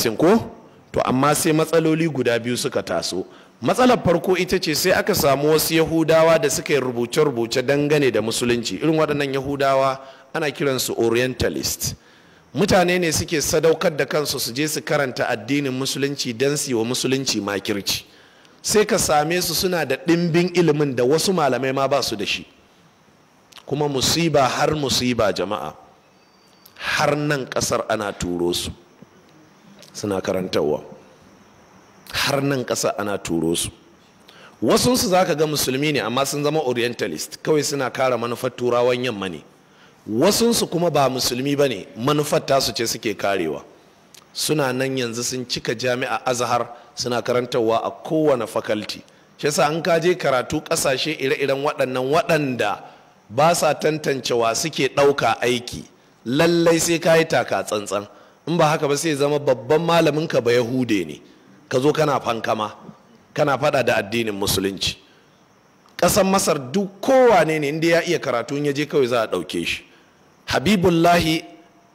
sin ko to amma sai matsaloli guda biyu suka taso matsalar farko ita ce sai aka samu wasu yahudawa da suka yi rubuce-rubuce dangane da musulunci irin waɗannan yahudawa ana kiransu orientalist mutane ne suke sadaukar da kansu su je su karanta addinin musulunci don su yi wa musulunci makirci sai ka same su suna da ɗimbin ilimin da wasu malamai ma ba su da shi kuma musiba har musiba jama'a har nan ƙasar ana turo su suna karantarwa har nan ƙasa ana turo su wasunsu za ka ga musulmi ne amma sun zama orientalist kawai suna kara manufar turawan yamma ne wasunsu kuma ba musulmi ba ne manufar tasu ce suke karewa suna nan yanzu sun cika jami'a azhar suna karantarwa a kowane fakalti shi yasa an kaje karatu ƙasashe ire-iren waɗannan waɗanda ba sa tantancewa suke ɗauka aiki lallai sai ka yi taka tsantsan in ba haka ba sai zama babban malamin ka ba yahude ne ka zo kana fankama kana fada da addinin musulunci ƙasan masar duk kowane ne inda ya iya karatu ya je kawai za a ɗauke shi habibullahi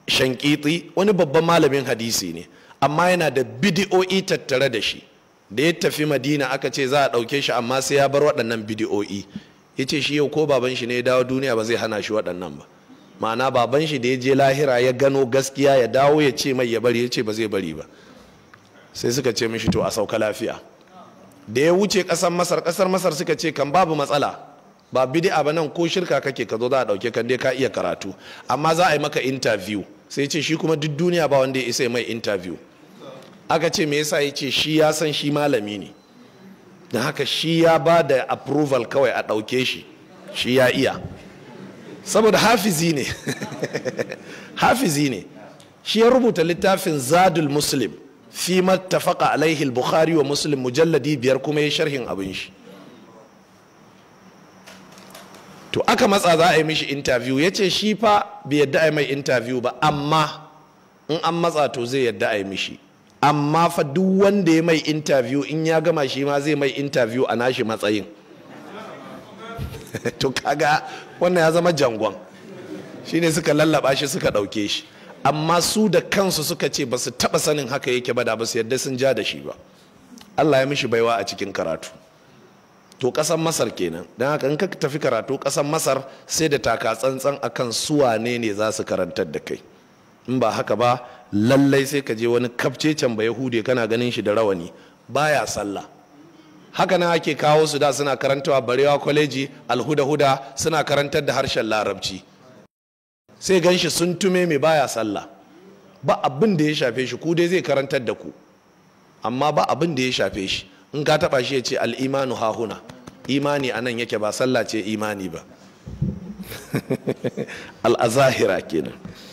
shankiti wani babban malamin hadisi ne amma yana da bidiyo'i tattare da shi da ya tafi madina aka ce za a ɗauke shi amma sai ya bar waɗannan bidiyo'i ya ce shi yau ko baban shi ne ya dawo duniya ba zai hana shi waɗannan ba ma'ana baban shi da ya je lahira ya gano gaskiya ya dawo ya ce mai ya bari ya ce ba zai bari ba sai suka ce mishi to a sauka lafiya da ya wuce kasar masar kasar masar suka ce kan babu matsala ba bidi a nan ko shirka kake ka zo za a ɗauke kan dai ka iya karatu amma za a yi maka interview sai ce shi kuma duk duniya ba wanda ya isa mai interview aka ce me yasa ya ce shi ya san shi malami ne da haka shi ya ba da approval kawai a ɗauke shi shi ya iya saboda hafizi ne hafizi ne shi ya rubuta littafin zadul muslim fi mattafaqa alaihi bukhari wa muslim mujalladi biyar kuma ya sharhin abin shi to aka matsa za a yi mishi interview ya ce shi fa bai yadda a yi mai interview ba amma in an matsa to zai yadda a yi mishi amma fa duk wanda ya mai interview in ya gama shi ma zai mai interview a nashi matsayin to kaga wannan ya zama jangon shine suka lallaba shi suka ɗauke shi amma su da kansu suka ce ba su taɓa sanin haka yake ba da ba su yadda sun ja da shi ba allah ya mishi baiwa a cikin karatu to kasan masar kenan don haka in ka tafi karatu kasan masar sai da taka tsantsan akan su wane ne za su karantar da kai in ba haka ba lallai sai ka je wani kafce can ba yahude kana ganin shi da rawani baya sallah haka nan ake kawo su da suna karantawa barewa kwaleji alhuda-huda suna karantar da harshen larabci sai gan shi sun tume mai baya sallah ba abin da ya shafe shi ku dai zai karantar da ku amma ba abin da ya shafe shi in ka taba shi ya ce al'imanu hahuna imani a nan yake ba sallah ce imani ba al'azahira kenan